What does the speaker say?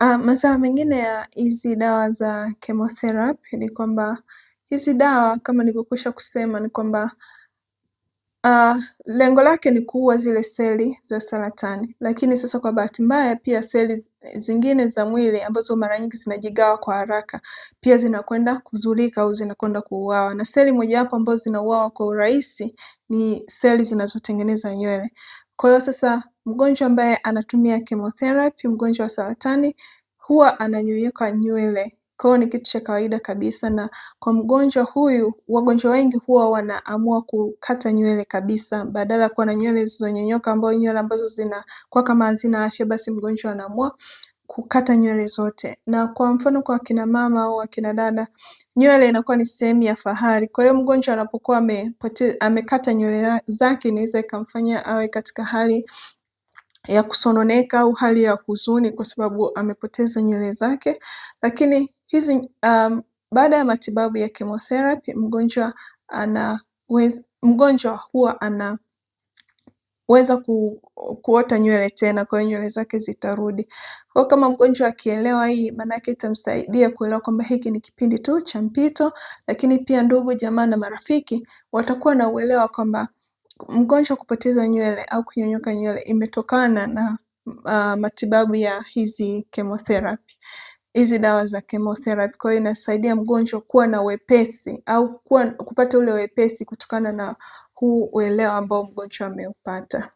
Ah, Madhara mengine ya hizi dawa za chemotherapy ni kwamba hizi dawa kama nilivyokwisha kusema ni kwamba ah, lengo lake ni kuua zile seli za saratani, lakini sasa kwa bahati mbaya pia seli zingine za mwili ambazo mara nyingi zinajigawa kwa haraka pia zinakwenda kuzulika au zinakwenda kuuawa, na seli mojawapo ambazo zinauawa kwa urahisi ni seli zinazotengeneza nywele. Kwa hiyo sasa mgonjwa ambaye anatumia chemotherapy, mgonjwa wa saratani huwa ananyenyuka nywele. Kwa hiyo ni kitu cha kawaida kabisa, na kwa mgonjwa huyu, wagonjwa wengi huwa wanaamua kukata nywele kabisa, badala ya kuwa na nywele zilizonyonyoka ambayo nywele ambazo zinakuwa kama hazina afya, basi mgonjwa anaamua kukata nywele zote na kwa mfano kwa kina mama au akina dada nywele inakuwa ni sehemu ya fahari. Kwa hiyo mgonjwa anapokuwa amekata nywele zake inaweza ikamfanya awe katika hali ya kusononeka au hali ya huzuni kwa sababu amepoteza nywele zake. Lakini hizi um, baada ya matibabu ya chemotherapy mgonjwa ana mgonjwa huwa ana kuweza ku, kuota nywele tena, kwa hiyo nywele zake zitarudi. Kwa kama mgonjwa akielewa hii, maanake itamsaidia kuelewa kwamba hiki ni kipindi tu cha mpito, lakini pia ndugu jamaa na marafiki watakuwa na uelewa kwamba mgonjwa kupoteza nywele au kunyonyoka nywele imetokana na uh, matibabu ya hizi chemotherapy hizi dawa za chemotherapy. Kwa hiyo inasaidia mgonjwa kuwa na wepesi au kuwa, kupata ule wepesi kutokana na huu uelewa ambao mgonjwa ameupata.